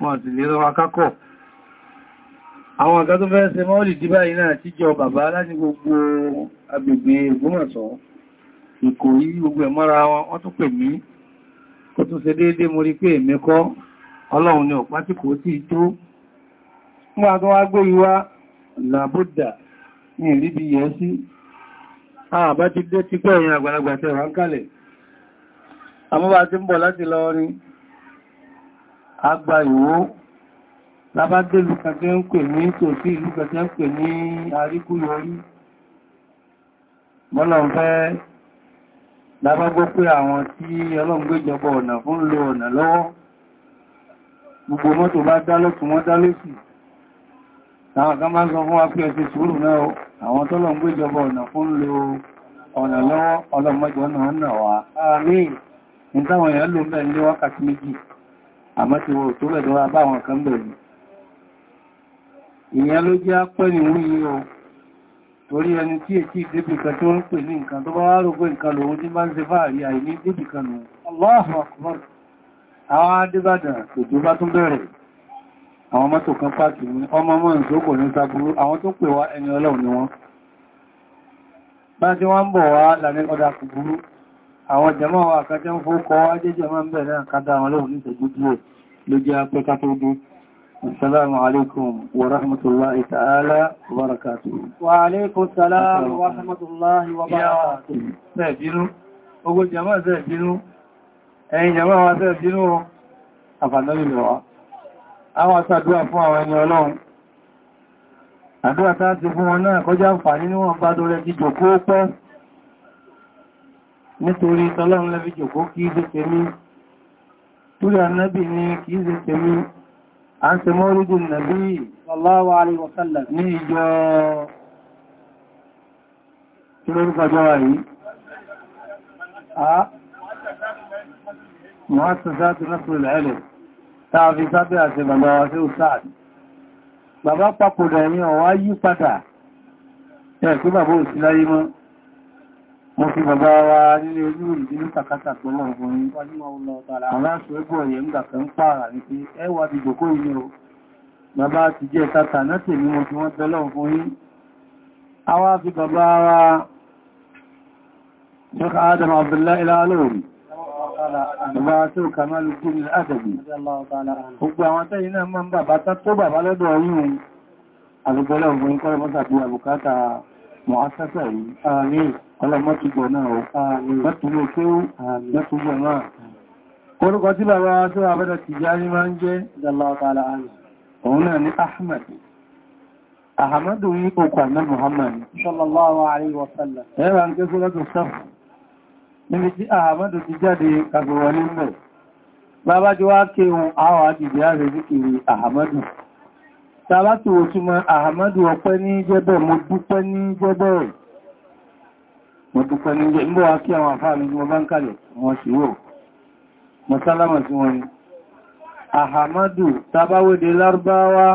wọn ti lè rọra kákọ̀. Àwọn ọ̀gá tó fẹ́ ṣe mọ́ọ̀lì díbà iná àti jọ bàbá láti gbogbo agbègbè Ògbómọ̀ṣọ́, yí gbogbo ẹ̀mọ́ra wọn, wọ́n tún pè mí, kó tún ṣe déédé mo pé èmi ọlọ́run ni ọ̀pá tí kò tí tó. agba ìwó lábádé ìlú kẹtẹ́ ń pè ní tòsí ìlú kẹtẹ́ ń pè ní àríkúyọrí mọ́nà ń fẹ́ lábágbó pé àwọn tí ọlọ́gbẹ́jọba ọ̀nà fún lo ọ̀nà lọ́wọ́ gbogbo mọ́tò bá dá lọ́tún wọ́n dá lọ́sì àwọn kan máa ń sọ fún wa pé ẹ ṣe sùúrù náà àwọn tọ́lọ̀gbẹ́jọba ọ̀nà fún lo ọ̀nà lọ́wọ́ ọlọ́mọjọ́ náà náà wà. àmín ìtàwọn èèyàn ló bẹ́ẹ̀ lé wákàtí méjì àmọ́ tí wọ́n tó lẹ́dọ̀ wá báwọn kan bẹ̀rẹ̀ ìyẹn ló jẹ́ pẹ́ ní wú yí o torí ẹni tí èkí débì kan tó ń pè ní nǹkan tó bá wá rò pé nǹkan lòun ní máa ń ṣe fáàrí àìní débì kan lòun Allahu Akbar àwọn adébàdàn òjò bá tún bẹ̀rẹ̀ àwọn mọ́tò kan pàtì ní ọmọ mọ́ ìṣòkò ní sàbúrú àwọn tó pè wá ẹni ọlọ́run ni wọ́n bá tí wọ́n ń bọ̀ wá àwọn jẹmọ́ wa kàtẹ́ ń fún kọwàá jẹ́jẹ́ máa ń bẹ̀rẹ̀ àkádà àwọn olóòrùn ní ìṣẹ́jú díẹ̀ ló jẹ́ apẹ́ká tó dé wa rahmatullah ita'ala wa barakatuhu wa alaikum salam wa rahmatullahi wa barakatuhu wa ti kọjá nítorí tọ́lọ́run lẹ́bí jòkó kìí ṣe tèmi túrí ànábì ní kìí ṣe tèmi a ń ṣe mọ́rídùn nàbí sallallahu alaihi wasallam ní ìjọ tí lórí gbàjọ́ àyí a ilm tààfi sábẹ́ àti bàbá wa ustad bàbá papòdà ẹ̀yìn ọ̀wá yí padà ẹ̀ kí mọ́ mo fi bàbá wa nílé ojú ìdínú kàkàtà tó lọ ọ̀gbọ̀n ní aláṣọ ẹgbọ́ ọ̀yẹ̀ ń gbàfẹ́ ń pààrà ní pé ẹwà ti jòkó ìní o bàbá ti jẹ́ tàtà náà tèmi mo fi wọ́n tẹ́lọ̀ fún yí a wá fi bàbá wa ṣọ́kà adam abdullahi lálórí bàbá tó kàmálù gúnmi àdàbì gbogbo àwọn tẹ́yìn náà máa ń bàbá tó bàbá lọ́dọ̀ yìí àlùgbọ́lẹ̀ mọ̀ásásà yìí ààrin ọlọ́mọ́túgbọ̀ náà ààrin mẹ́túgbọ̀ kí ó mẹ́túgbọ̀ náà orúkọ tí bàbá tó àbẹ́dà Tìjání máa ń jẹ́ dàlátàlá ààrin òun náà ni Ahmad Ahamadu yí okò àná Muhammad sallallahu alaihi wa sallam ẹ̀rọ ń kéfú lọ́tọ̀ sọ́fù níbi tí Ahamadu ti jáde kàgbọ̀wọ̀ nílẹ̀ bàbá jọ wá kéhun àwọn àjìdí tàbá tí ó túnmọ̀ àhàmádù ọpẹ́ ní jẹ́bẹ̀ mo dúpẹ́ ní jẹ́bẹ̀ mo dúpẹ́ ní jẹ́ mbọ́ kí àwọn àfáà mi mo bá ń wọn sì wò mọ̀ sálámà sí wọn ni àhàmádù tàbáwédé lárúbáwá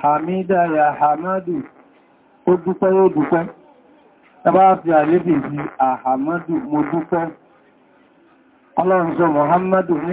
hamida ya àlébì sí mo dúpẹ́ ọlọ́run sọ Muhammadu ní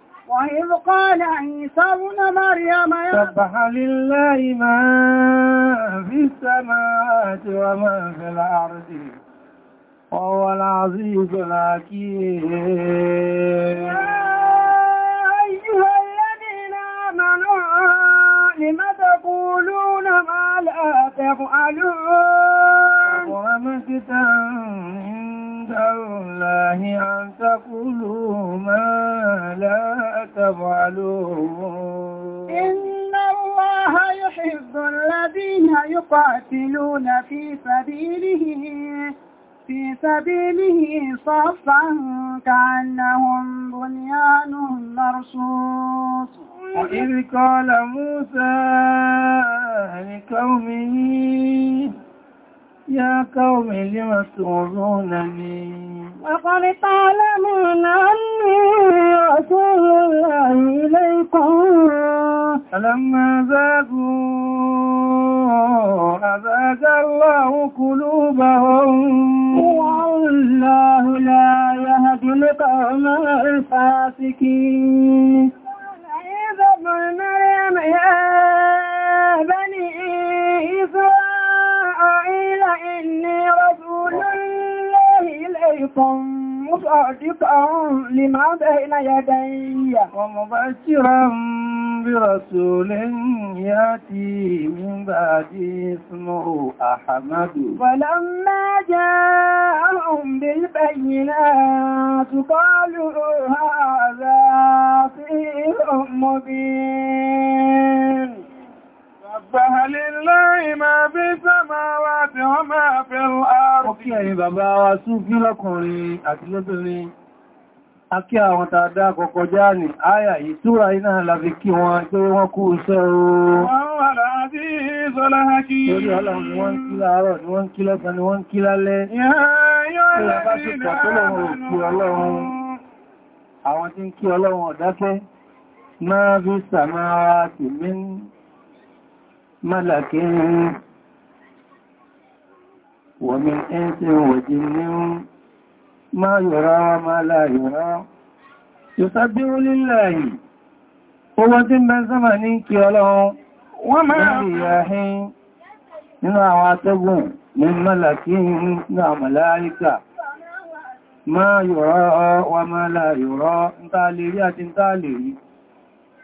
وإذ قال عيسى ابن مريم سبح لله ما في السماوات وما في الأرض وهو العزيز الحكيم أيها الذين آمنوا تقولون ما لا تفعلون ومكتا على الله أن تقولوا ما لا تفعلون إن الله يحب الذين يقاتلون في سبيله في سبيله صفا كأنهم بنيان مرصوص وإذ قال موسى لقومه يا قوم لم تؤذونني وقد تعلمون أني رسول الله إليكم فلما ذاقوا أزاد الله قلوبهم والله لا يهدي القوم الفاسقين عيسى بن مريم يا بني إسرائيل إسماعيل إني رسول الله إليكم مصدقا لما بين يدي ومبشرا برسول يأتي من بعد اسمه أحمد فلما جاءهم بالبينات قالوا هذا سير مبين سبح لله ما في السماوات وما في الأرض Ó kí ẹ̀yin bàbá wa Súfí lọ́kùnrin àti lóbìnrin. A kí àwọn tàdá kọkọ já ní àyà yìí túra iná láti kí wọn tí wọ́n kú iṣẹ́ ooo. Wọ́n wà láti ìṣọ́lá hákí. Torí ọlọ́run ni wọ́n ń kí láàárọ̀, ni wọ́n ń kí lọ́sàn, ni wọ́n ń kí lálẹ́. Yẹ́ yọ́ ملك ومن إنس وجن ما يرى وما لا يرى يسبح لله هو ذنب زمن كيولون وما رياح من عواتب من ملك نعم ملائكة ما يرى وما لا يرى انت عليه انت عليه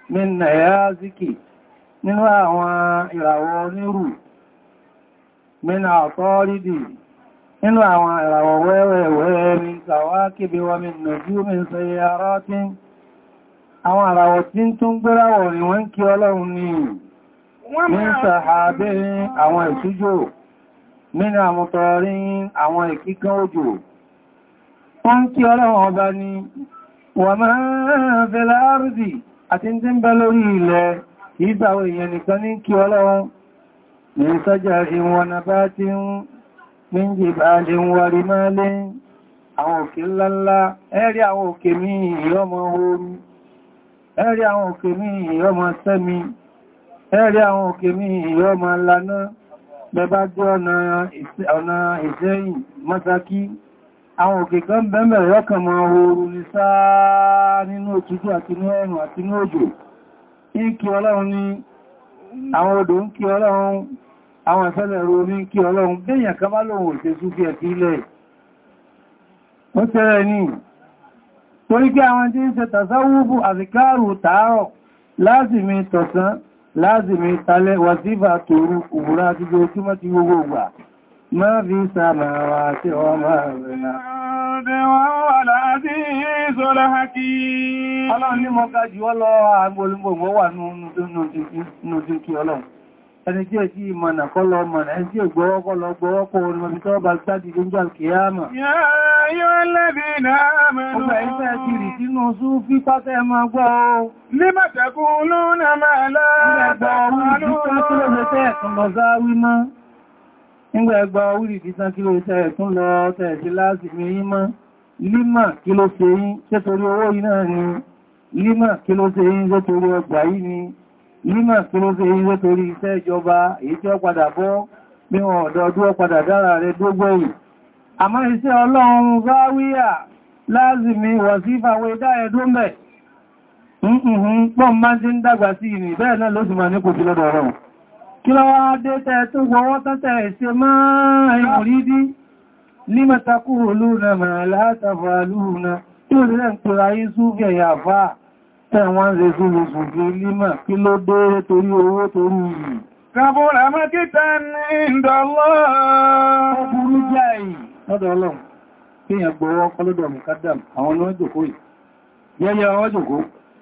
من نيازك nínú àwọn ìràwọ̀ onírù na ọ̀tọ́rídì nínú àwọn ìràwọ̀ wẹ́wẹ̀wẹ́ mi gàwá kébé mi nàjú mi sọ yàrá tí àwọn àràwọ̀ tí ń tún gbéráwọ̀ ni wọ́n kí ọlọ́run ni ní sàhàbẹ́ àwọn ìgbàwò èèyàn nìkan ní kí ọlọ́run lè sọ́jà ìwọ̀nà bá ti ń níjì bá lè ń wọrí máa lé àwọn òkè ńláńlá ẹ́rí àwọn òkè mi ìyọ́mọ ooru ẹ́rí àwọn òkè mi ìyọ́mọ sẹ́mi ẹ́rí àwọn òkè mi ìyọ́mọ laná bẹba jẹ́ ọ̀nà ìsẹ́yìn mọ́sákí àwọn òkè kan bẹ́m̀bẹ̀ rọ́kàn mọ́ ní sáà nínú òtútù àti ní ẹ̀rùn àti ní òjò ń kí ọlọ́run ní àwọn odò ń kí ọlọ́run àwọn ìfẹ́lẹ̀ ro ní kí ọlọ́run bẹ́yàn kan bá lòun òṣè súnfí ẹ̀ sí ilẹ̀ ó tẹ́rẹ ní torí kí àwọn tí ń ṣe tàṣáwúbù àzìkáàrù tààrọ̀ lázìmí tọ̀sán lázìmí talẹ́ wàsífà tòru òwúrá àti gbogbo tí gbogbo gbà má fi sàmàwà Ọlọ́run ní mọ́ká jù ọ lọ agbóolúgbògbò wà nínú díkì Ọlọ́run. Ẹni tí èkí ìmọ̀nà kọ́ lọ mọ̀nà, ẹni tí ègbọ́wọ́ kọ́ lọ gbọ́wọ́ kọ́ orin mọ̀bí tọ́ bá gbádìí ló ń jà kìí àmà. Yá yóò lẹ́bí náà mẹ́rin. Ọgbà ìfẹ́ ti rì sínú súnfí pátẹ́ máa gbọ́ ọ́. Límọ̀tẹ̀kùn lónà máa láàá nígbà ẹgbà orí ìdísán kí ló iṣẹ́ yí ṣe torí owó yí ni límà kí ló ṣe yí tó torí ọgbà yìí ni límà kí ló ṣe yí tó torí iṣẹ́ ìjọba èyí tí ó padà bọ́ bí wọn ọ̀dọ̀ọdún ó padà dára rẹ dógbẹ̀yìn àmọ́ iṣẹ́ ọlọ́run bá wíyà láàzìmí wọ̀ sí ìfàwẹ́ dáẹ̀dúnbẹ̀ pọ́n máa ti ń dàgbà sí ìrìn bẹ́ẹ̀ náà ló sì máa ní kò tí ó rẹ̀ ń pèrà yí súnfẹ́ yàfáà tẹ́ wọ́n ṣe sí oṣù sí límà kí ló dé torí owó torí yìí kàbúrà mẹ́kítà ní ìdọ̀lọ́ ọbúrú jáì lọ́dọ̀ ọlọ́run kí èyàn gbọ́wọ́ kọlọ́dọ̀ mùkádàm àwọn ni wọ́n jòkó yìí yẹ́yẹ́ wọ́n jòkó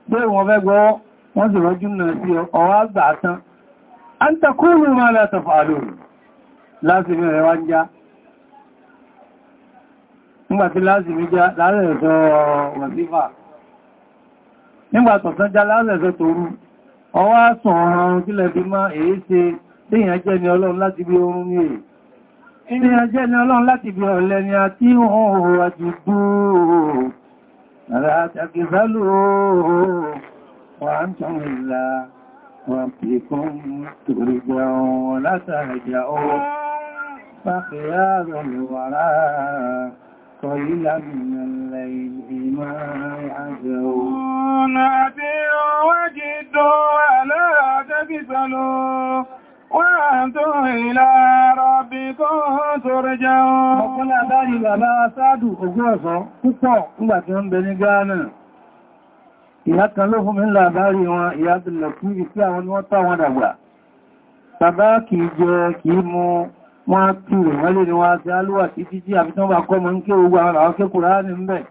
pé wọ́n fẹ́ gbọ́wọ́ wọ́n sì rọ́jú náà sí ọwá gbà tán an takúrù máa látàfà lórí lásìmí rẹ̀ já láàrẹ̀ sọ wàsífà nígbàtọ̀sán jálásẹ̀sẹ̀ torú ọwá sùn ọ̀run kílẹ̀ bí máa èé ṣe tíyàn jẹ́ ni ọlọ́run láti bí oorun ní èé tíyàn jẹ́ ni ọlọ́run láti bí ọ̀lẹ́ àti dúró ara قليلا من الليل ما يعزون أبيوا وجدوا ولا تكسلوا وأنتوا إلى ربكم ترجعون Ọkùnrin àdáyìn bàbá Sádù ogún ọ̀sán púpọ̀ nígbà tí ó ń bẹ ní Gáánà. Ìyá kan ló fún mi láàbárí wọn, tó lọ sí ìpí àwọn wọ́n á kí rẹ̀ wọ́n lè ní wọ́n á ti alúwà sí títí àfi tán bá kọ́ mọ́ ń ké ogun àwọn àwọn kékùrá ní mẹ́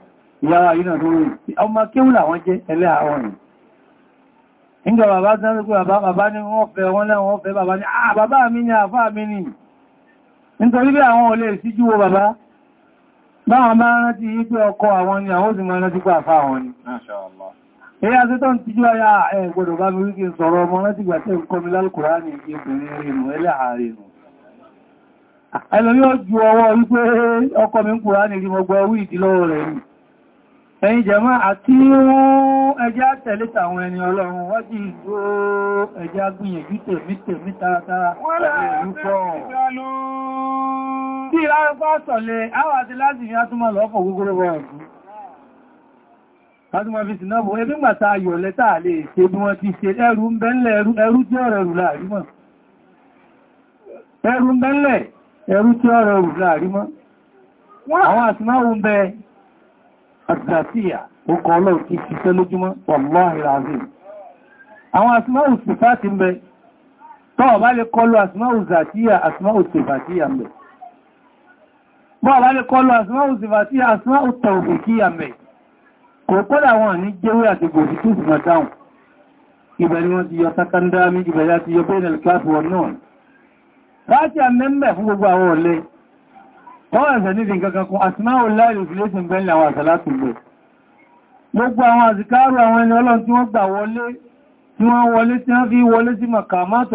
ìyára yìí náà tó rí ọmọ kéwùlà wọ́n jẹ́ ẹlẹ́ àwọn rẹ̀ nígbà bàbá sáré pé bàbá ní wọ́n fẹ́ wọ́n náà wọ́n fẹ́ bàbá ní àà ah, bàbá mi ní àfá mi ní nítorí bí àwọn olè síjú wo bàbá báwọn bá rántí yí pé ọkọ àwọn ni àwọn òsìmọ̀ rántí pé àfá àwọn ni èyí àti tó ń tijú ayá ẹ̀ gbọ́dọ̀ bá mi wí kí n sọ̀rọ̀ ọmọ rántí gbà tẹ́ ń kọ́ mi lálùkùrá ní ìgbẹ̀rẹ̀ rẹ̀ mú ẹlẹ́ ààrẹ ẹlòmí ó ọwọ́ wípé ọkọ mi ń kùrá ní ìrìn ọgbọ̀ owó ìdílọ́wọ́ rẹ̀ ni ẹ̀yin jẹ́mọ́ àti wọ́n ẹjá tẹ̀lé tàwọn ẹni ọlọ́run fi sí náà bò ẹbí gbàta ayọ̀ lẹ́ta lè ṣe bí wọ́n ti ṣe ẹrù ń bẹ́ńlẹ̀ ẹrù tí ọ̀rẹ̀ rù láàrín mọ̀. Ẹrù ń bẹ́ńlẹ̀ ẹrú tí ó rẹ̀ òrùn láàrí mọ́ àwọn àsìmáwò ń bẹ àgbàtíyà ó kọ ọlọ́run kí ṣiṣẹ́ lójúmọ́ wàláhìláàzì àwọn àsìmáwò sìfáàtì ń bẹ tọ́ọ̀ bá lè kọlu àsìmáwò zàtíyà àsìmáwò sìfàtíyà ń bẹ bọ́ọ̀ bá lè kọlu àsìmáwò sìfàtíyà àsìmáwò tàwùfìkíyà ń bẹ kò kọ́dà wọn ní sì mọ̀ láti àmẹ́mẹ́ fún gbogbo àwọn olè wọ́n ẹ̀sẹ̀ nídìí kankan kún àtìmáwò láìlú fìlẹ́sìn bẹ́ẹ̀lẹ̀ àwọn àṣàlátù gbò gbogbo àwọn àzìkáàrù àwọn ẹni ọlọ́run tí wọ́n gbà wọlé tí wọ́n wọlé tí wọ́n fi wọlé sí makamátù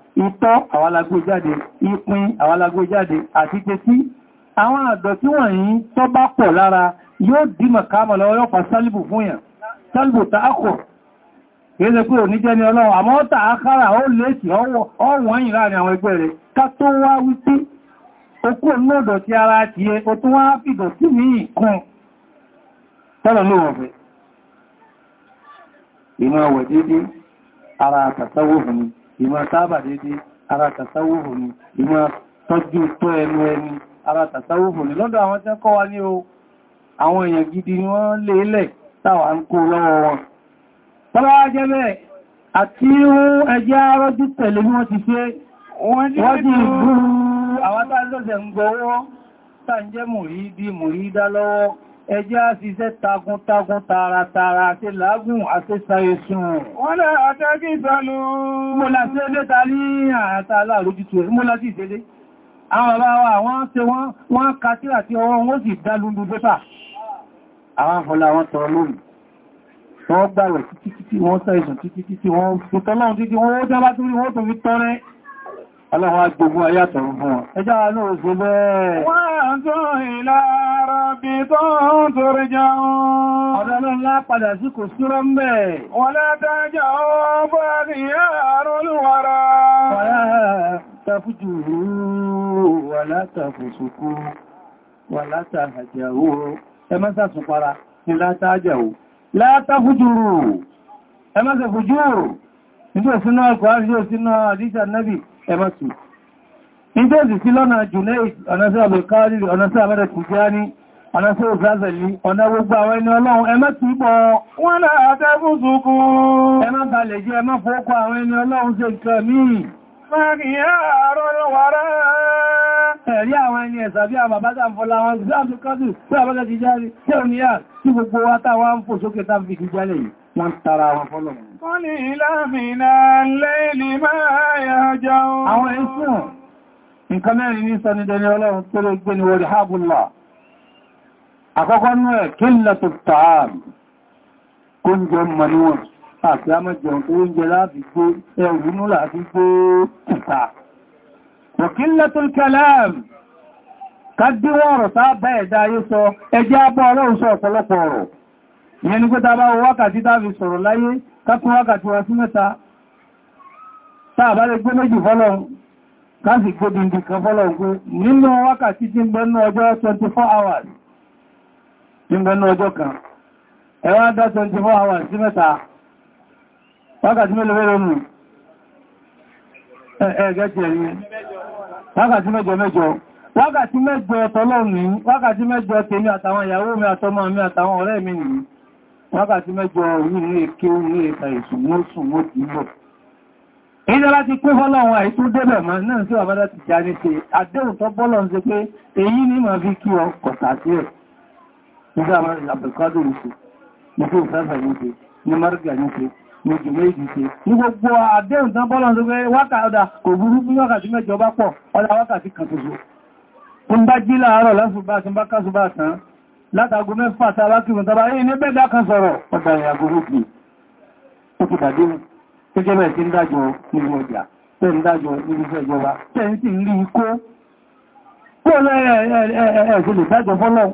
ìtọ́ àwálágbójáde ìpín àwálágbójáde àti pẹ̀sí àwọn àdọ̀ tí wọ́n yìí tọ́ bá pọ̀ lára yóò dìmọ̀ káàmọ̀ lọ́wọ́ yóò fa sálìbù fún yàn sálìbù tààkọ̀ kéèsẹ̀ pé òní jẹ́ ni ọlọ́run àmọ́ tààkàrà ó lèèkì ọwọ́n yìí láàrin àwọn ẹgbẹ́ rẹ̀ ká tó wá wípé okú ọ̀nà tí ara o tó wá fìdọ̀ sí ní ìkún tọ́lọ̀ ló ìmọ̀ ọ̀wẹ̀ dédé ara àtàtàwò fún mi ìmọ̀ sábà dédé ara tàtàwòhò ni ìmọ̀ tọ́jú tó ẹnu ẹni ara tàtàwòhò ni lọ́dọ̀ àwọn tẹ́ kọ́ wa ní o àwọn èèyàn gidi ni wọ́n lélẹ̀ táwà ń kó lọ́wọ́ wọn tọ́lá jẹ́ bẹ́ẹ̀ àti ẹjẹ́ arọ́jú tẹ̀lé ní wọ́n ti ṣe wọ́n ti ẹjẹ́ á ṣiṣẹ́ tagun-tagun tààràtààrà àti lágùn àti sàyẹ̀sùn wọ́n lẹ́ àtẹ́gí ìsànú mọ́ láti ẹlé ta ní àtà aláàrójútù ẹ̀ mọ́ láti ìṣẹ́lé àwọn bàbá wa wọ́n ṣe wọ́n kàtírà tí ọwọ́ wọ́n sì dá lúlú pépà àwọn afọ́lá wọn tọrọ lórí wọ́n gbàwẹ̀ títí títí wọ́n sàyẹ̀sùn títí títí wọ́n fi tọ́lọ́run títí wọ́n ó jábá torí wọ́n tó fi tọrẹ Ọlọ́run agbógún ayátọ̀ fún wọn. Ẹjá náà ṣe bẹ́ẹ̀. Wọ́n tó ìlà rọ̀bì tó ń torí jẹun. Ọ̀dọ̀ náà lápadà sí kò súrọ́ mẹ́. Wọ́n látàjá ó bọ́ ní àrùlúwàrá. Wọ́n látàfújù rú, wọ́n látàfúsùkú, wọ́n ìfẹ́ sínú àkùránì yóò sínú àdíjà nẹ́bì ẹmọ́kì ìjọ́sì sí lọ́nà Ẹ̀rí àwọn ẹni ẹ̀sà bí àwọn bàbá fọ́lá wọn sí àbúkọ́dù tí àwọn ọjọ́ ti járí tí ò ní à tí gbogbo wátà wọ́n fò sókè tàbí ti jálẹ̀ yìí wọ́n tara wọn fọ́lọ̀mù. قليلا من الليل ما يهجعون àwọn ẹ̀sùn nǹkan mẹ́rin ní sọ ní dẹni ọlọ́run tó lè gbé ni wọ́n ìhábùnlá àkọ́kọ́ ní ẹ̀ kí lẹ́tù tààrù kó ń jẹ mọ̀ níwọ̀n àti àmọ́jẹun tó ń jẹ láti gbé ẹ̀rù inú láti gbé ìta وقلة الكلام kàdíwọ̀rọ̀ sáà bẹ́ẹ̀ dáyé sọ ẹjẹ́ ìyẹn ni pé ta bá wákàtí tàbí sọ̀rọ̀ láyé kápún wákàtí wa sí mẹ́ta táà bá lè gbé méjì fọ́lọ̀ káàsì gbóbi ndì kan fọ́lọ̀ pé nínú wákàtí tí ń ọjọ́ 24 hours tí ń bẹnu ọjọ́ kan ẹ wá hours sí mẹ́ta wákàtí mélòó mélòó nù ẹ̀ẹ́gẹ́tì ẹ̀yìn wákàtí mẹ́jọ mẹ́jọ wákàtí mẹ́jọ ọ̀tọ́lọ́ mi wákàtí mẹ́jọ tèmi àtàwọn ìyàwó mi àtọmọ mi àtàwọn ọ̀rẹ́ mi nìyí wákàtí mẹ́jọ orílẹ̀ èké orílẹ̀ ẹ̀ta ìsùnmọ́sùn mọ́ ti bọ̀. ìdá láti kó fọ́lọ́wọ́ àìtó débẹ̀ ma náà sí àbádá ti já ní ṣe àdéhùn tó bọ́lọ̀ ń ṣe pé èyí ní ma fi kí ọ kọ̀tà sí ẹ̀ nígbà máa rí àbẹ̀kádò ní ṣe ní fún ìsáfà ní ṣe ní márùgà ní ṣe ní jùmọ́ ìdí ṣe ní gbogbo àdéhùn tó bọ́lọ̀ ń ṣe pé wákàtà kò burú bí wákàtí látàgùn mẹ́fà tàbá kìrùn tàbá rí ní bẹ́gbà kan sọ̀rọ̀ ọ̀dà ìyàgò rúkì ó ti dàdé gẹ́gẹ́ bẹ́ẹ̀ tí ń dájọ́ níbi ọjà tẹ́ ń dájọ́ níbi iṣẹ́ ìjọba tẹ́ ń sì ń rí ikó kó lẹ́ẹ̀ẹ́sì lè dájọ́ fọ́lọ̀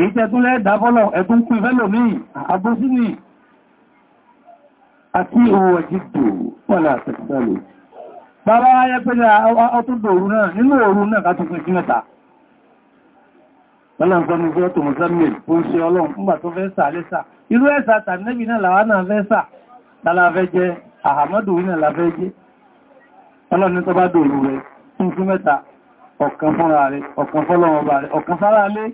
èyí tẹ́ tún lẹ́ẹ̀dá fọ́lọ̀ ẹ̀tún ni àti òwò ẹ̀jìdò wọ́n àtẹ̀sẹ̀lẹ̀ bàbá ayẹ́pẹ́lẹ̀ ọtún dòrú náà nínú òru náà ká tuntun sí lọ́lọ́pọ̀ ní fẹ́ tó mùsànmì ó ń ṣe ọlọ́run fúngbà tó fẹ́ sà lẹ́sà irú ẹ̀sà tàbí náà làwá náà fẹ́ sà lálàfẹ́ jẹ́ àhàmọ́dù náà láfẹ́ jẹ́ ọlọ́run tó bá dòrò rẹ̀ fún fún mẹ́ta ọ̀kan fúnra rẹ̀ ọ̀kan fọ́lọ́wọ́ba rẹ̀ ọ̀kan fara lé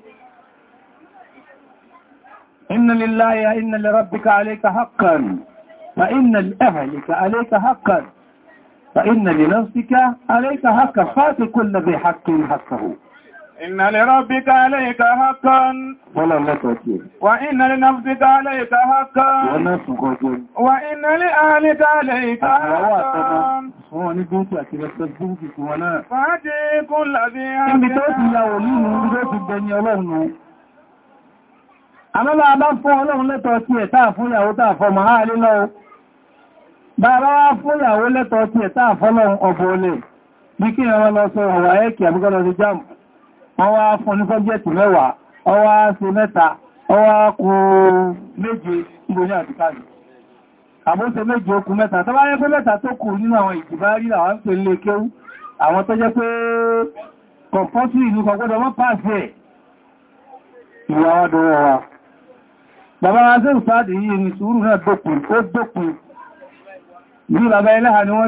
inna lillahi wa inna li rabbika alayka haqqan fa inna li ahlika alayka haqqan fa inna li nafsika alayka haqqan fa'ti kulli bi haqqin haqqahu إن لربك عليك حقا وإن لنفسك عليك حقا وإن لأهلك عليك حقا فأتي كل ذي حقا Àmọ́lá bá fún ọlọ́run lẹ́tọ̀ọ́ tí ẹ̀ táà fún ìyàwó táà fọ́ máa rí lọ́wọ́. Bàbá wá fún ìyàwó lẹ́tọ̀ọ́ tí ẹ̀ táà fọ́lọ́run ọ̀bọ̀ olè, bí kí ẹran lọ sọ ọ̀wà ẹ́kì àbúgbọ́n lọ sí jáàmù wọ́n wá fún ní sọ́jẹ́tì mẹ́wàá wọ́n wá ṣe mẹ́ta wọ́n wá kú méje ìgbóní àti káàdì àbóṣe méje okùn mẹ́ta tó bá yẹ pé mẹ́ta tó kù nínú àwọn ìdìbá rí àwọn tó lè kéwú àwọn tó jẹ́ pé kọ̀pọ́sí ìlú kọ̀gbọ́dọ̀ wọ́n pàṣẹ ìwà ọdọ́wọ́ wa wa ni sùúrù náà dókùn ni wọ́n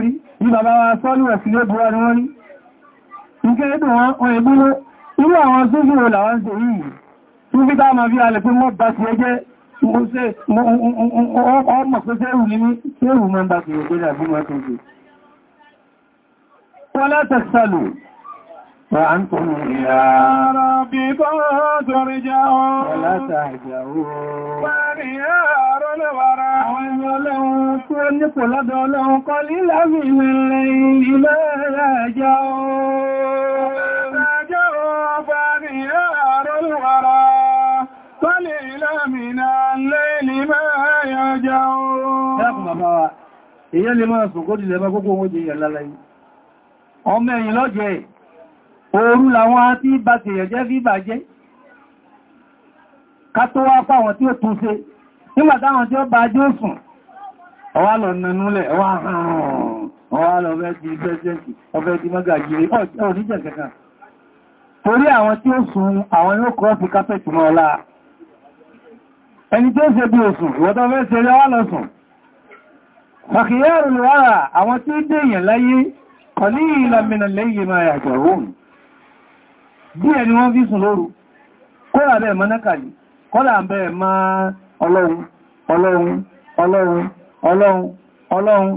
rí bí bàbá wa sọ́lù ẹ̀sìn irú àwọn sójú rẹ̀ làwọn ṣe yìí tí bí tá ma fi alẹ̀ pé mọ́ bá ti ẹjẹ́ ọmọ pé sẹ́rù ní sẹ́rù mọ́ ti ẹjẹ́ àbí mọ́ tó ṣe wọ́lá tẹ̀sàlù وأنتم إلى ربكم ترجعون ولا تهجرون وريار الورى ولو كنت لدولهم قليلا من الليل ما يهجرون الليل ما يرجعون èyàn lè máa sùn kó ti lẹ́bẹ́ gbogbo wọn jẹ èyàn lálàyé ọmọ ẹ̀yìn lọ́jẹ́ òru làwọn àti bá ti èyàn jẹ́ fi bà jẹ́ ká tó wá fáwọn tí ó tún ṣe nígbàtáwọn tí ó bá jẹ́ òsùn ọwá lọ nanúlẹ̀ ọwá ọwá lọ fẹ́ ti bẹ́ẹ̀sẹ̀kì ọfẹ́ ti mọ́gàjírí ọ̀tíjẹ̀ kẹta torí àwọn tí ó sùn àwọn yóò kọ́ fi kápẹ̀tì mọ́ ọlá ẹni tó ṣe bí òsùn ìwọ́ta fẹ́ ṣe rẹ̀ wálọ́sùn fàkìyàrù lọ́ra àwọn tí dèyàn láyé kọ̀lí ìlàmìnà lẹ́yìn máa yàjọ̀ òun bí ẹni wọ́n fi sùn lóru kọ́lá bẹ́ẹ̀ mọ́ nákàlì kọ́lá bẹ́ẹ̀ má ọlọ́run ọlọ́run ọlọ́run ọlọ́run ọlọ́run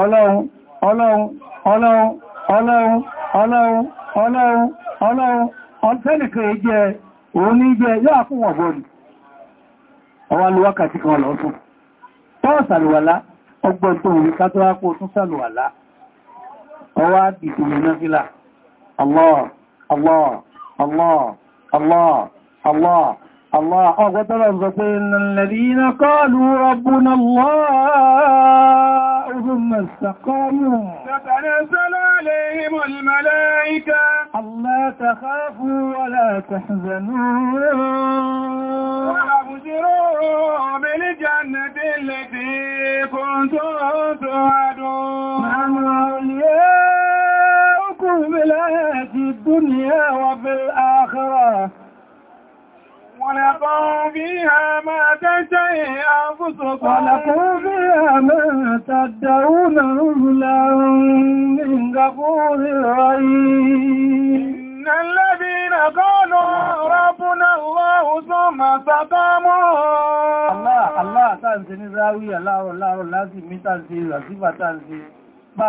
ọlọ́run ọlọ́run ọlọ́run ọlọ́run ọlọ́run ọlọ́run ọlọ́run ọlọ́run ọlọ́run ọwá ló wákàtí kan lọ fún tọ́wọ́ sàlùwàlá ọgbọ́n tó wùrí ká tó wápò tún sàlùwàlá ọwá ìtìmì náfílà Allah Allah Allah Allah Allah Allah ọgbọ́tọ́lọ́ ثم استقاموا فتنزل عليهم الملائكة ألا تخافوا ولا تحزنوا وأبشروا بالجنة التي كنتم توعدون نعم الدنيا وفي الآخرة ولكم فيها ما تشتهي أنفسكم ولكم فيها ما تدعون نزلا من غفور رحيم إن الذين قالوا ربنا الله ثم استقاموا الله الله tàǹsí ní ráwíyà láàrọ̀ láàrọ̀ láti mí tàǹsí ìrọ̀síwà tàǹsí bá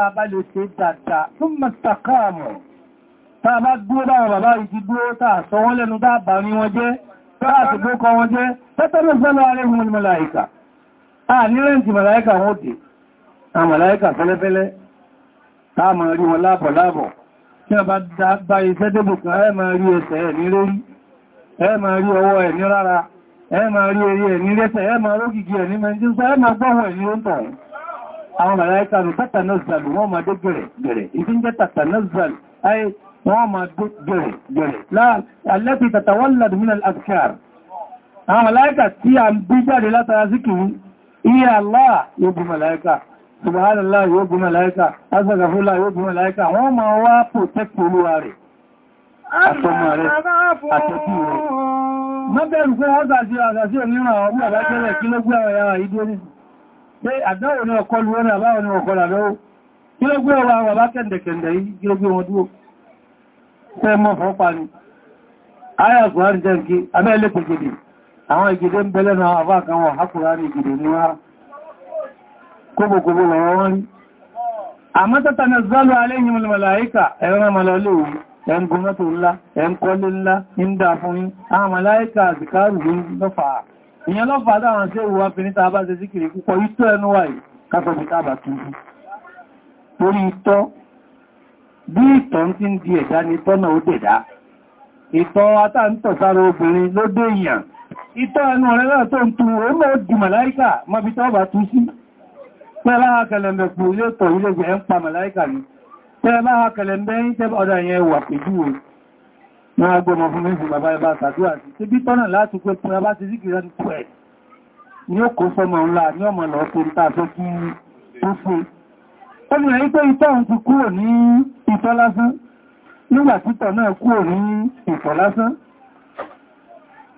bá bá dúró bàbá ìdí tàà sọ wọ́n lẹ́nu dábà ní wọ́n jẹ́ láti gbé kọ wọn jẹ́ tẹ́tẹ́lẹ̀ sẹ́lọ alẹ́hùn mọ̀láíkà a ní rẹ̀ǹtì mọ̀láíkà wọ́n dì a mọ̀láíkà fẹ́lẹ́fẹ́lẹ́ ta mọ̀ rí wọn lábọ̀ lábọ̀ tí a bá bá iṣẹ́ débù kan ẹ máa rí ẹsẹ̀ ẹ̀ ní lórí ẹ máa rí ọwọ́ ẹ̀ ní rárá ẹ máa rí eré ẹ̀ ní lẹ́sẹ̀ ẹ máa wọ́n ma gbẹ̀rẹ̀ gbẹ̀rẹ̀ alẹ́fi tàtàwọ́lọ̀dù mínà al'adkar àwọn màláíkà tí a ń bí jáde látara síkìrí iya Allah yóò bí màláíkà subhanallah yóò bí màláíkà asagafúlá yóò bí màláíkà wọ́n ma wá protect olúwa rẹ̀ àtọmọ rẹ̀ àtẹ́kù rẹ̀ mọ́bẹ̀rù pé wọ́n tàṣí àṣàṣí òmìnira ọmọ àbájẹ́rẹ̀ kí ló gbé àwọn ẹ̀yà ìdórí pé àdáwò ní ọkọlù wọn àbáwọn ní ọkọlù àdáwò kí ló gbé ọwọ́ àwọn fẹ́ mọ́ fọ́pá ni ayà kùránì jẹ́ kí abẹ́lẹ́ pẹ̀gẹ̀dì àwọn ìgẹ̀dẹ̀ ń bẹ̀lẹ̀ náà àbá kan wọ̀ hakùránì ìgẹ̀dẹ̀ ní ara kóbòkóbò lọ́wọ́ wọn rí àmọ́ tata na zálù aléyìn mọ̀láíkà ẹ̀rọ mọ̀lọ́lẹ́wò ẹn gómìnàtò ńlá ẹn kọlé ńlá ń dà fún yí àwọn mọ̀láíkà zikaru lọ́fà ìyẹn lọ́fà dáwọn sí ìwà finita bá ṣe síkìrì púpọ̀ ìtọ́ ẹnu wáyìí kásọ̀bìtà bà tuntun torí ìtọ́ bí ìtọ̀ tí ń di ẹ̀dá ni tọ́nà ó dẹ̀dá ìtọ̀ atáǹtọ̀ sára obìnrin ló dé èèyàn ìtọ̀ ẹnu rẹ̀ náà tó ń tu ọmọ di màláíkà mọ́bí tọ́ bá tú sí pẹ́lá kẹlẹ̀mẹ̀kù ilé tọ̀ ilé ẹ̀ ń pa màláíkà ni pẹ́lá kẹlẹ̀mẹ̀ ń tẹ́ ọ̀dà yẹn wà pẹ̀lú o máa gbọmọ fún ẹni rẹ̀ pé ìtọ́ ń ti kúrò ní ìtọ́ lásán nígbà títọ̀ náà kúrò ní ìtọ̀ lásán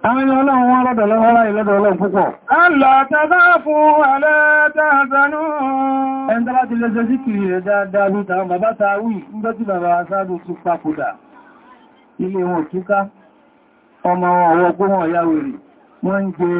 àwọn ẹni ọlọ́run wọn lọ́dọ̀ lọ́wọ́lá ìlọ́dọ̀ ọlọ́run púpọ̀. Allah tàbá fún alẹ́tàzánú. ẹni tàbá ti lẹ́sẹ̀ sí kìí rẹ̀ dáadáa ló tàwọn bàbá tàwí nígbà tí bàbá sáàdù tún papòdà ilé wọn òtúká ọmọ ọwọ́ gbọ́wọ̀n yáwèrè wọ́n ń jẹ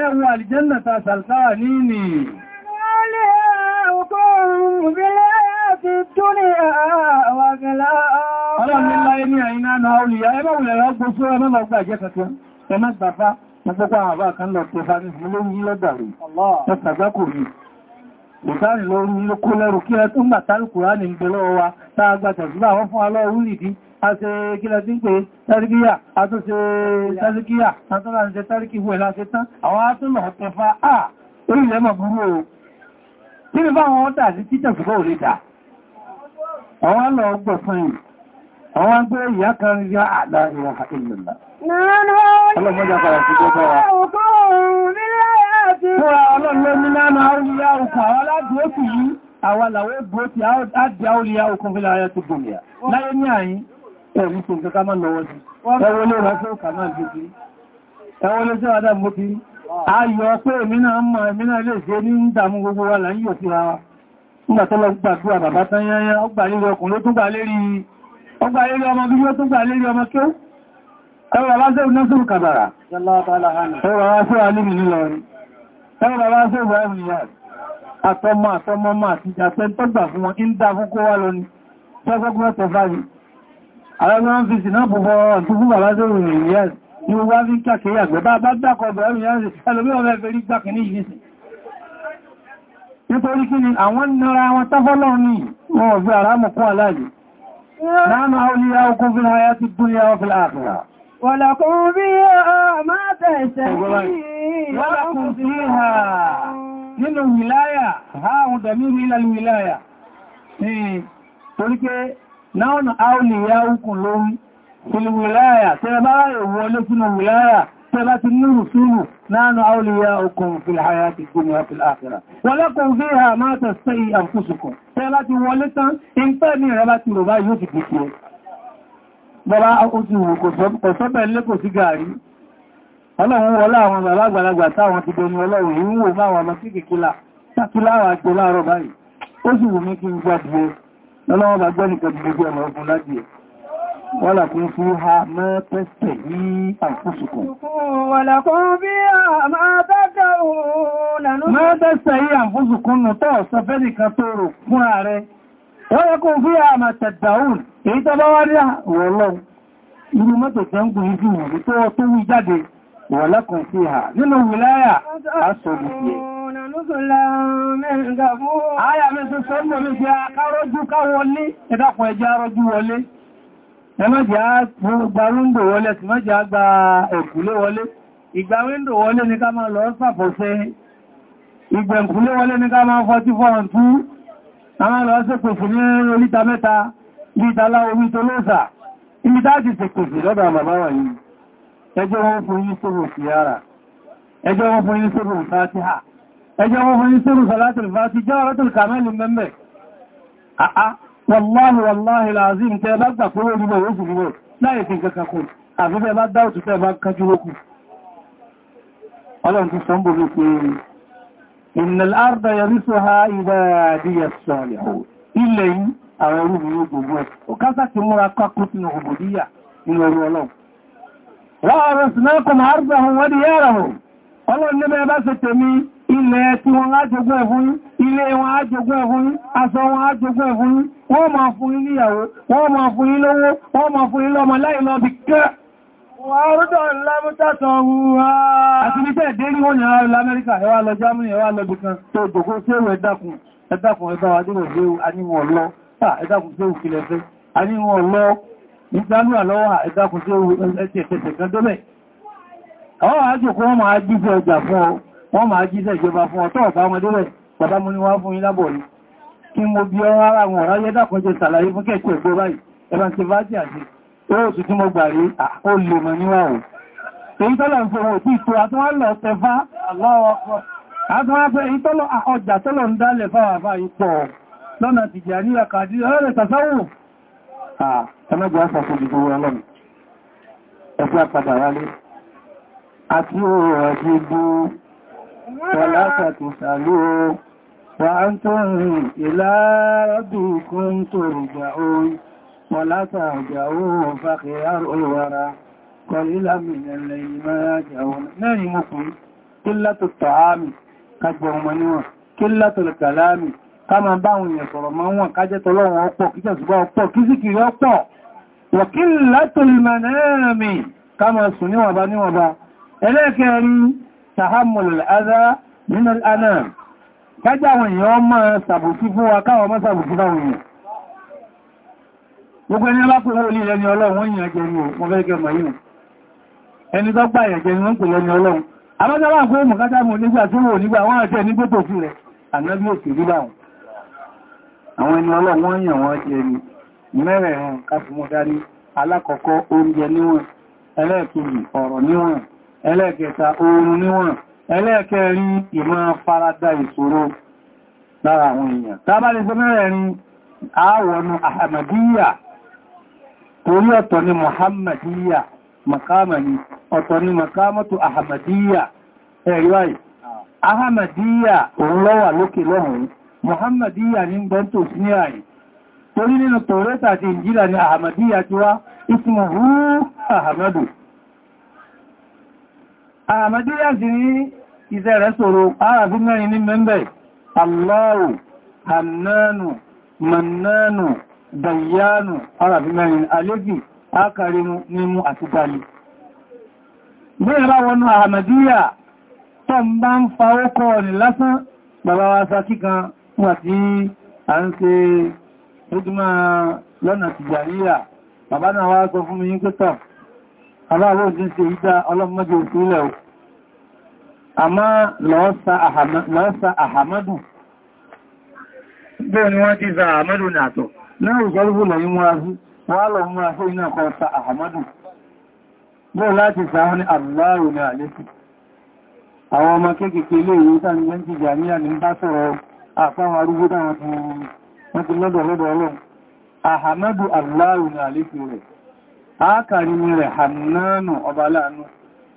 ẹwọ àlìjẹ́nàta sàlkáà ní ní Mọ́gbọ́gbọ́ àbá kan lọ tó fa ní lórí lọ́dàrí, ọ̀tàgbákò rí. Ìtàrí lórí ló kó lẹ́rù kí ẹ tó ń gbà tálùkù rá ní ìgbẹ̀lọ́wọ́ wa, táa gbàtẹ̀ síbà wọ́n fún alọ́ orílẹ̀-èdè àti kílẹ̀ tí ń pè tàríkíyà àtúnṣe tàríkíyà àtúnṣe tàríkí ìwé láti tán àwọn átúnmọ̀ tẹfà à orílẹ̀ mọ̀ burú o kí ni bá wọn tà sí títẹ̀ fúgbọ́ ò lè dà àwọn lọ gbọ̀ fún yìí àwọn gbé ìyá kan rí àdá ìwà ìlúlá ọlọ́mọdé àpàrà sí gbọ́gbọ́ wa fúra ọlọ́lọ́mí lánà àríyá òkà wọ́n láti ó sì yí àwọn bó ti á dí àóríyá òkun fílà ayẹ́ tó gbòmìyà láyé ní àyín ẹ̀mùsùn kankan máa lọ́wọ́ sí ẹwọ́n lè rẹ̀ fún kàmá ìgbèjì ẹwọ́n lè sẹ́wàdà mú kí ayọ̀ pé èmìnà mọ̀ èmìnà ilé ìṣẹ́ ní ń dàmú gbogbo wa láyé yóò síra wa nígbàtọ́lọ gbàdúrà bàbá tán yányá ọgbà lérí ọkùnrin ó tún gbà lérí ọmọ bí ó tún gbà lérí ọmọ kí ó ẹwọ́n bàbá sẹ́wọ́n náà sọ́rọ̀ kàbàrà ẹwọ́n bàbá sẹ́wọ́n alébì nílọrin ẹwọ́n bàbá sẹ́wọ́n ẹ̀rìnlẹ̀ àtọmọ àtọmọ máa ti jà pẹ́ tọ́gbà fún wọn kí ń dá fún kó wá lọ ní 5,000 aláwọ̀n fi sí náà bọ̀bọ̀ ọ̀tún fún bàbá tó rìn ìrìn yẹ́ ní wá fi kàkiri àgbẹ̀ bá bá dákọ̀ bẹ̀rẹ̀ yẹ́ ẹlòmí ọ̀rẹ́ fẹ́ rí gbákiní yìí sí nítorí kí ni àwọn nara wọn táfọ́lọ́ ní wọn ò fi àrámù kún aláàjì láàmà olíyà okun fi náà yá ti dúnyà wọn fi láàfíà wọ̀lọ̀kún bí i máa tẹ̀ẹ̀ṣẹ̀ wọ́lọ̀kún sí ha nínú wìláyà ha àwọn dẹ̀mí ilẹ̀ wìláyà náà áwùlìyà òkùn lórí ìlúwìláyà tẹ́ bá ìwọlé sínú wìláyà tẹ́ bá ti ní rùsùrù náà áwùlìyà òkùn fìlàyà ti gbogbo àfìlàáfìlà wọlẹ́kùn fi ha máa tẹ̀sẹ̀ àfúsùkùn tẹ́ bá ti wọlé tán ìpẹ́ ní rẹ̀ bá ti rò bá yóò ti gbogbo bọ́bá oṣù kọ̀sọ́bẹ̀ lọ́wọ́ bá gbọ́ nìkan gbogbo ọmọ ogun láti ẹ̀ wọ́n làkún fún ha máa tẹ́sẹ̀ ní àfúsùkùn máa tẹ́sẹ̀ yí àfúsùkùn nù tọ́ sọ fẹ́ nìkan tó rò fún ààrẹ wọ́n yẹ kún fún àmà tẹ̀dàún èyí tó bá wá rí àwọ̀lọ́ irú mọ́tò tẹ́ ń gùn ìjú ìwọ̀n tó wí jáde wọ̀lọ́kùn fún ha nínú wìláyà aṣọ́ nùsùlá mẹ́rin gàfú. Ayà mi tún sọ mọ̀ mi fi akárọ́jú ká wọlé, ẹ̀dàkùn ẹjẹ́ arọ́jú wọlé. Ẹ má jẹ́ gba rúndò wọlé, sì má jẹ́ gba ẹ̀kùlé wọlé. Ìgbà rúndò wọlé ni ká máa lọ sàfọ́sẹ́. Ìgbẹ̀kùlé wọlé ni ká máa fọ́tí fọ́rùn tú. A máa lọ sí pèsè ní oríta mẹ́ta, bí ìtàlá orí tó lóòsà. Ibi táàkì sì pèsè lọ́dọ̀ àbàbá wà yìí. Ẹjọ́ wọn fún yí sóbò sí yára. Ẹjọ́ wọn fún yí sóbò sátíhà ẹjẹ́ wọ́n fún ìṣẹ́rù salatul fati jawaratul kamali mẹ́mẹ́ àá wàláhì wàláhì làzim tẹ́ bá gbà kúrò nígbà oṣù nígbà láì fi kankan kù àfẹ́fẹ́ bá dáòtù tẹ́ bá kájú lókù ọlọ́run ti sọ ń bò ló pé innal arda yarisuha ibadiya salihun ilẹ̀ yìí wọ́n arasnakum ardahum wa ọlọ́run ní bẹ́ẹ̀ bá ṣe tèmi ilẹ̀ tí wọn lájogún ẹ̀fún ilé wọn ájogún ẹ̀fún aṣọ wọn ájogún ẹ̀fún wọ́n máa fún yín níyàwó wọ́n máa fún yín lówó wọ́n máa fún yín lọ́mọ láì lọ bí kẹ́ Wàrúdọ̀ lámútàtàn wúwá. Àti wọ́n ni ààrẹ kan wọ́n máa jíjẹ ọjà fún ọ wọ́n máa jíṣẹ́ ìjọba fún ọ̀tọ́ ọ̀bá ọmọdé rẹ̀ bàbá mú ní wá fún ilábọ̀ ní kí mo bí ọwọ́ ara wọn ráyé dákọjẹ sàlàyé fún kẹ́kù ẹ̀gbọ́ báyìí ẹ̀bá ti bá jẹ́ àti oóṣù tí mo gbà rí ó lè mọ̀ níwàwó èyí tọ́lọ̀ ń fowó tí ìtò àtúnwálọ̀ tẹfá ọjà tọ́lọ̀ ń dálẹ̀ fáwà fáà ipọ̀ lọ́nà tìjà ní àkàdí ọ̀rẹ́ tàṣáwò ẹmẹ́gbẹ̀ ọ̀sọ̀ fún ìgbò àti gbogbo ولا تتسلوا وأنتم إلى ربكم ترجعون ولا ترجعوا فخيار الورى قليلا من الليل ما يجعون نعمكم قلة الطعام كجبه منوع قلة الكلام kama báwọn èèyàn sọ̀rọ̀ ma wọn kájẹ́ tọ́lọ́wọ́n ọpọ̀ kí jẹ́sùgbọ́ ọpọ̀ kí sí kìí ọpọ̀ wọ̀kí látòlìmọ̀ náà mi kama sùn níwọ̀nba tahammul al-adha min al-anam kájá àwọn èèyàn mọ́ sàbòsí fún wa káwọn mọ́ sàbòsí fáwọn èèyàn gbogbo ẹni lápẹ̀ wọ́n lílẹ̀ ni ọlọ́run yìí ẹjẹ́ ni mo fẹ́ kẹ́ mọ̀ yìí ẹni tó gbà ẹ̀jẹ́ ni wọ́n pè lẹ́ni ọlọ́run àbájáwà fún èmù kájá mọ̀ nígbà tí wọ́n nígbà wọ́n àjẹ́ ní gbogbo fi rẹ̀ ànábí ní alákọ̀ọ́kọ́ oúnjẹ níwọ̀n ẹlẹ́ẹ̀kejì ọ̀rọ̀ níwọ̀n ẹlẹ́ẹ̀kẹta oorun níwọ̀n ẹlẹ́ẹ̀kẹrin ìmọ̀ farada ìṣòro lára àwọn èèyàn tábàlì sọ mẹ́rẹ̀rin àwọnù ahmadiyya torí ọ̀tọ̀ ni muhammadiyya makamani ọ̀tọ̀ ni makamatu ahmadiyya ẹ̀ríwáyì ahmadiyya òun lọ́wà lókè lọ́hùn muhammadiyya torí nínú àti ni ahmadiyya ti wá Ahmadiyya sí ní iṣẹ́ rẹ̀ sọ̀rọ̀ ààbí mẹ́rin ní mẹ́mbẹ̀ Allahu Hannanu Mannanu Dayyanu ààbí mẹ́rin Alẹ́bì Akarimu Nímú àti Dali. Bí ẹ̀rá wọnú Ahmadiyya tó ń bá ń fa ókọ̀ ní lásán bàbá wa sa kíkan wà tí a ń ṣe ojúmọ́ náà wá sọ fún mi ní pẹ́tọ̀ aláàrọ̀ òjín ṣe ìdá ọlọ́mọdé òṣìlẹ̀ òkú àmá lọ́ọ́sà àhàmádù bẹ́ẹ̀ ni wọ́n ti ya, àhàmádù ní àtọ̀ náà ìgbẹ́rùgbù lẹ́yìn wọ́n aṣú wọ́n lọ mú aṣú iná kan sa àhàmádù bẹ́ẹ̀ láti sa wọ́n ni ní àlẹ́sì àwọn ọmọ kéèkéé ilé ìwé tàbí ti jà ní bá sọ̀rọ̀ àpáwọn arúgbó táwọn ti lọ́dọ̀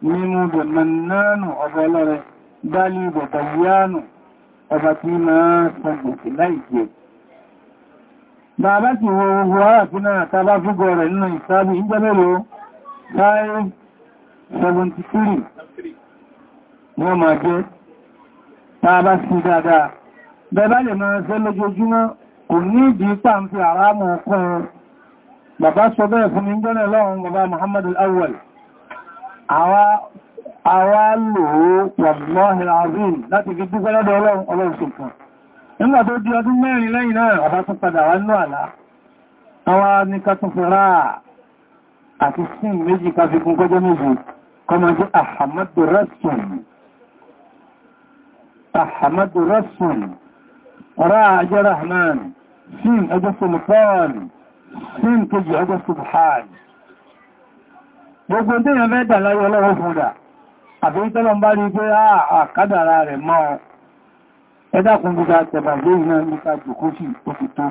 mímú bẹ̀ mannánù ọba ọlọ́rẹ dálí bẹ̀ bayánù ọba tí máa sọgbẹ̀sì láìjẹ́ bàbá ti wo ogun ara fi náà tàbá fúgọ rẹ̀ nínú ìsáàbí ìgbẹ́lẹ́lò 573 wọ́n máa jẹ́ tàbá sí dáadáa bẹ̀bá lè máa ṣe lójoojúmọ́ kò ní ìdí pàǹfẹ́ àrámù ọkùnrin bàbá sọ bẹ́ẹ̀ fún ìgbẹ́lẹ̀ àwa lòó wàbùlọ́hìn àzín láti fi dúpẹ́ lọ́dọ̀ ọlọ́run ṣùgbọ́n nígbà tó di ọdún mẹ́rin lẹ́yìn náà àbá tún padà wá ní àlá àwa ní ká tún àti sin méjì ká fi kún kọjọ́ méjì kọmọdé àhàmàdù rasul àhàmàdù rahman sin ọjọ́ sulfan sin kejì ọjọ́ subhan gbogbo tí yẹn mẹ́ta láyé ọlọ́wọ́ fúnra àfi ń tọ́lọ bá rí pé àkádàrà rẹ̀ mọ́ ọ ẹdàkùn gbogbo àtẹ̀bà lórí náà ní ká jùkú sí òkú tó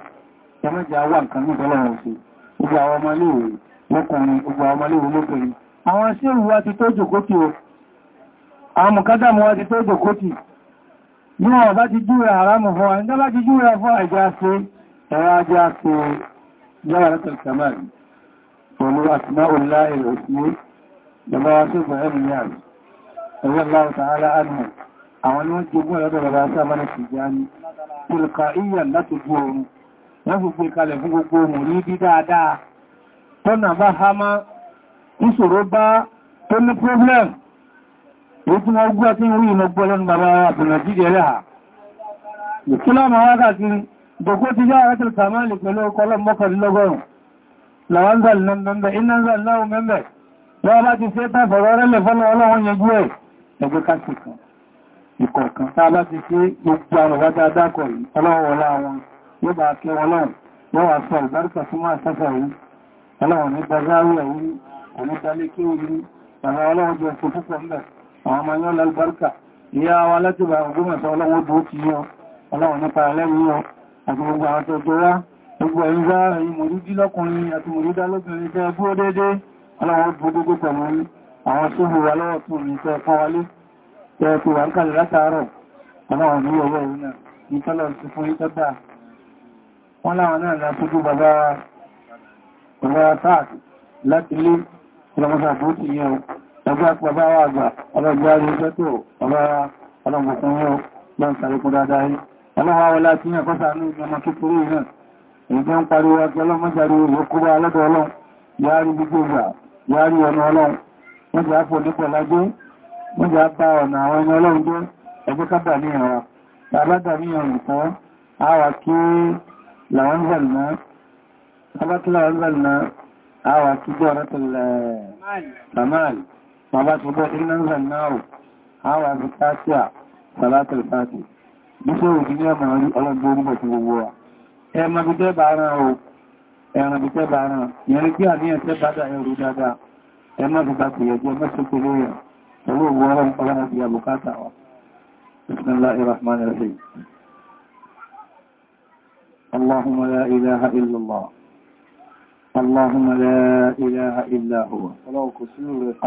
ẹmẹ́jà wà nǹkan ní ìtọ́lọ́wọ́ sí gbogbo àwọn ọmọléèwé lọ́kùnrin gbogbo àwọn ọmọléèwé lóbìnrin àwọn sí o àwọn mùkádàmù wa ti tó jòkó tì ní wọn bá ti júwe àrámù fún wa ní bá ti júwe fún àjá sí ولو أسماء الله الحسنى لباسف وعليان رضي الله تعالى عنه àwọn wọ́n jogún ẹ̀lọ́dọ̀ bàbá sáàmàlẹ̀ Tìjání tilkaiya láti gbọ́ oòrùn wọ́n fi pè kalẹ̀ fún gbogbo oòrùn ní bí dáadáa tọ́nà bá hámá ìṣòro bá tó ní problem èyí tí wọ́n gbọ́ tí rí ìmọ̀ gbọ́ bàbá àbùnà wákàtí gbogbo ti yára tilkamali pẹ̀lú ọkọ̀ ún làwọ́nzàl nẹ́mẹ́mẹ́ inázàl láwọ́ mẹ́mẹ́ lọ́wọ́ bá ti ṣe tán fọ̀rọ̀ rẹ̀lẹ̀ fọ́nà ọlọ́wọ́n yẹjú ẹ̀ ẹgbẹ́ kásìkàn ìkọ̀ọ̀kan tá bá ti ṣe gbogbo àwọn ọ̀gá dáadákọ̀ yìí ọlọ́wọ́ ọlá wọn yóò bá kẹ́ ọlọ́run yóò wà sọ ìbárúkà fún máa sẹ́fẹ̀ yìí ọlọ́run ní gbazáwì ẹ̀yí onídálé kí ó yìí àwọn ọlọ́run jẹ́ ọkọ̀ púpọ̀ ńlẹ̀ àwọn ọmọ yóò lálùbárúkà ìyá wa láti bá ọgbọ́mọ̀sọ ọlọ́run dúó ti yọ ọlọ́run nípa ẹlẹ́rìí yọ àti gbogbo àwọn tó jọ wá gbogbo ẹ̀yìn bá ẹ̀yìn mòrídí lọ́kùnrin àti mòrídá lọ́kùnrin tẹ́ bú dédé aláwọ̀ gbogbo pẹ̀lú àwọn tó wà lọ́wọ́ tún ní tẹ́ fọ́ wálé tẹ́ tó wà ń kalẹ̀ látàárọ̀ aláwọ̀ ní ọwọ́ òun náà ní tọ́lọ̀ ti fún ìtọ́dà wọ́n láwọn náà látọ́jú bàbá bàbá táàk láti lé ọlọ́mọsà tó ti yẹ ọgbà bàbá wà àgbà ọlọ́gbà rí ọjọ́ tó bàbá ọlọ́mọkùnrin yọ lọ́n sàrékún dáadáa yìí ọlọ́wọ́ wọlá tí yẹn kọ́sà ní ọmọ kékeré náà ìjọ ń pariwo ẹgbẹ́ ọlọ́mọ́sàrí olókúrò alọ́dọ̀ ọlọ́run yáárí gbogbo ìgbà yáárí ọ̀nà ọlọ́run wọ́n jẹ́ àpò nípọ̀lágbé wọ́n jẹ́ àpá ọ̀nà àwọn ẹni ọlọ́run jẹ́ ẹgbẹ́ kábà ní ẹ̀rọ tàbátà ní ọ̀rùn tán àwà kí làwọn zàlùmá tàbátà làwọn zàlùmá àwà kí jọ rẹ́tẹ̀lẹ̀ tàmáàlì bàbá tó bọ́ iná zàlùmáàrù àwà fi káàkiri sàlátàlì pàtì bí sóòrùn ní ọmọ ọlọ́gbọ́n nígbà tí gbogbo wa ẹran bí tẹ́ bá rán o ẹran bí tẹ́ bá rán yẹn kí àníyàn tẹ́ bá dá ẹrù dáadáa ẹ má fi bá pè ẹjẹ́ mẹ́sùkú lóyà pẹ̀lú ògbò ọlọ́run ọlọ́run ti yàbò káàtà allahumma la ilaha illallah اللهم لا إله إلا هو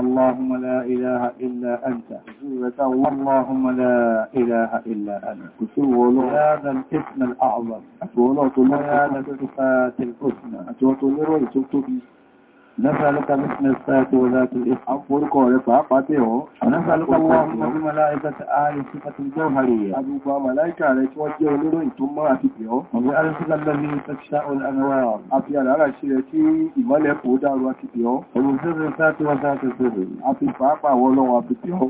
اللهم لا إله إلا أنت اللهم لا إله إلا أنت هذا الاسم الأعظم هذا الصفات الحسنى نسألك باسم الصلاة وذات الإسحاق والقول فأقاتي هو ونسألك اللهم بملائكة آل صفة الجوهرية أبوك ملائكة عليك وجه لرؤي ثم أتبعه وبأرسل الذي تشاء الأنوار أبي على شيئتي ملك ودار وأتبعه ومسر الصلاة وذات السر أبي فأقا ولو أتبعه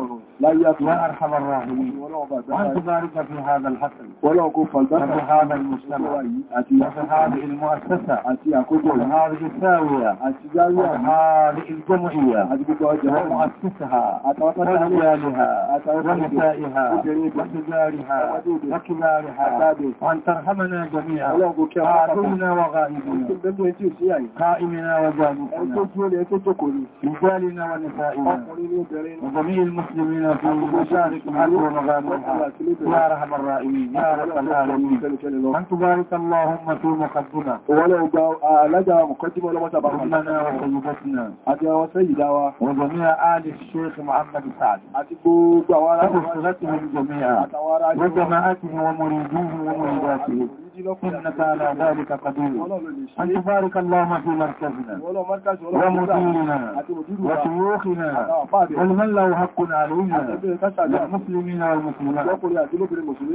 لا يرحم يا أرحم الراحمين وأن تبارك في هذا الحفل ولو كف البصر وفي هذا المجتمع وفي هذه المؤسسة وفي هذه الزاوية وفي هذه الجمعية ومؤسسها ورجالها ونسائها وتجارها وكبارها وأن ترحمنا جميعا يعني. قائمنا وغائبنا قائمنا وجانبنا رجالنا ونسائنا وجميع المسلمين المسلمين في المشارق والمغاربها يا رحم الرائمين يا رب العالمين أن تبارك اللهم في مقدمة ولو آه، لدى مقدمة لما تبارك ربنا وسيدتنا أجا وسيدة وجميع آل الشيخ محمد سعد أتبوا وأسرتهم جميعا وجماعته ومريديه ومريداته إنك على ذلك قدير أن تبارك اللهم في مركزنا ومديرنا وشيوخنا ومن له حق علينا والمسلمين والمسلمات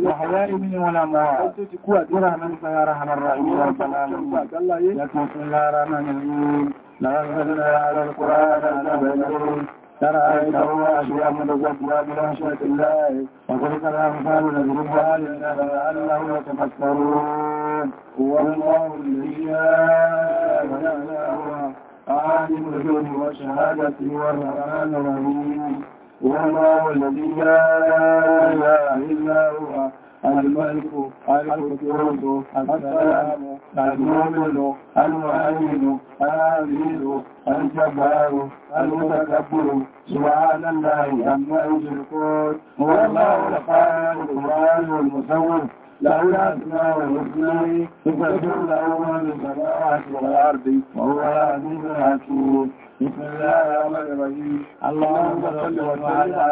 وحياء من ولا مواد برحمتك يا رحم الرحيم يا بسم الله الرحمن الرحيم لا يغفرنا على القرآن الأبدين ترى أنه أشياء من الزكاة بلا شرك الله وتلك الأمثال نضربها للناس لعلهم هو الله الذي لا عالم الغيب والشهادة والرحمن الرحيم والله الذي لا إله إلا هو الملك القدوس السلام المؤمن المؤمن العزيز الجبار المتكبر سبحان الله عما يشركون هو الله الخالق الرازق المصور له الأسماء والحسنى يفسر له ما في السماوات والأرض وهو العزيز الحكيم بسم الله الرحمن الرحيم اللهم صل وسلم على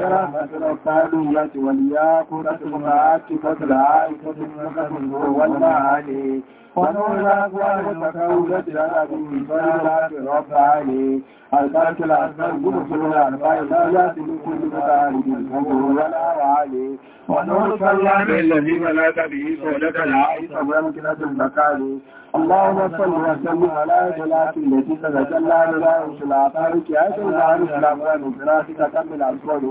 رحمة القلوبة والياقوتة والعاكفة العائفة المكة والمعالي ونورا أكوان وتكاولة الأبي فلا رب عليك البرك الأسفل قبصر الأربع لا تنكل متعالي بالحمر ولا عليك ونور صلى الذي ملاك به سولك العائس ومكنة المكالي اللهم صل وسلم على جلالك التي تتجلى على رسلاتك يا جلال الأموال وفراتك كمل أسفل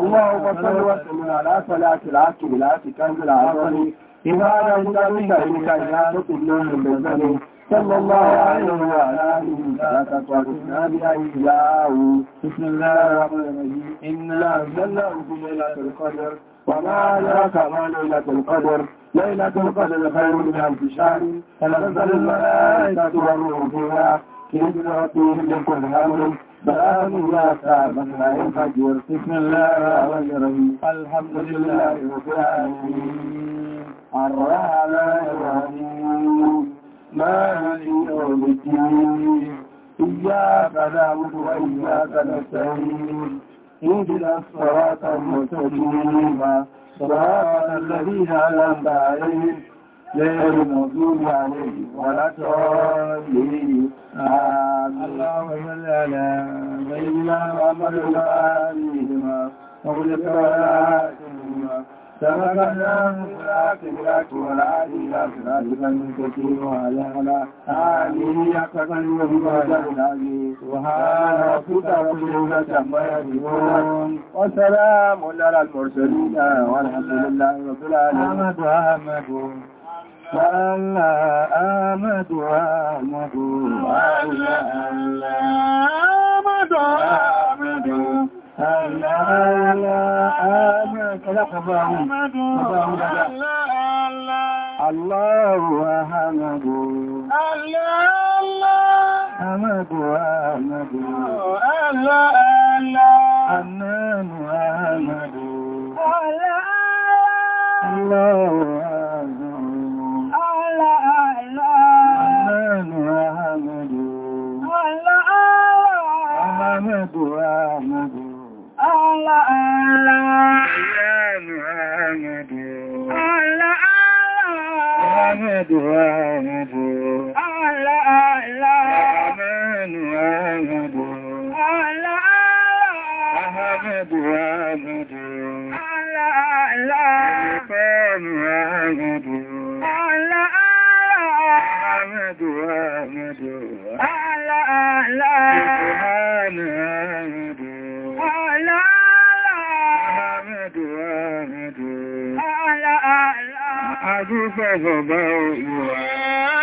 اللهم صل وسلم على صلاة العاكب لا تكمل أسفل إبادة متعلقة بكائنات كلهم الذين صلى الله عليه وعلى آله لا تقعدنا بأيجاه بسم الله الرحمن الرحيم إنا أنزلناه في ليلة القدر وما أدراك ما ليلة القدر ليلة القدر خير من ألف شهر تنزل الملائكة والروح فيها بإذن ربهم من كل أمر سلام الله سلام لا ينفجر بسم الله الرحمن الرحيم الحمد لله رب العالمين الرحمن الرحيم مالك يوم الدين إياك نعبد وإياك نستعين اهدنا الصراط المستقيم صراط الذين أنعمت عليهم غير المغضوب عليهم ولا الضالين اللهم صل على سيدنا محمد وعلى آله وصحبه وسلم سبقنا ملاك والعادي لا تنازلا من كثير وعلى على آله يقفا وهبادا العزيز سبحان ربك رب العزة عما يصفون وسلام على المرسلين والحمد لله رب العالمين أحمد أحمد فألا آمد وآمد وألا آمد وآمد Allahu ahamadu. Allah Allah. Amadu ahamadu. Allah Allah. Annanu ahamadu. Allah Allah. Ahmadu Ahmadu الله أعلى أعلى أعلى أعلى أعلى أعلى أعلى أحمد وعبد على أعلى سلطان وعبد على أعلى أحمد وعبد على أعلى سبحان وعبد adúgbẹ́gbọ̀gbẹ́ òwúwà.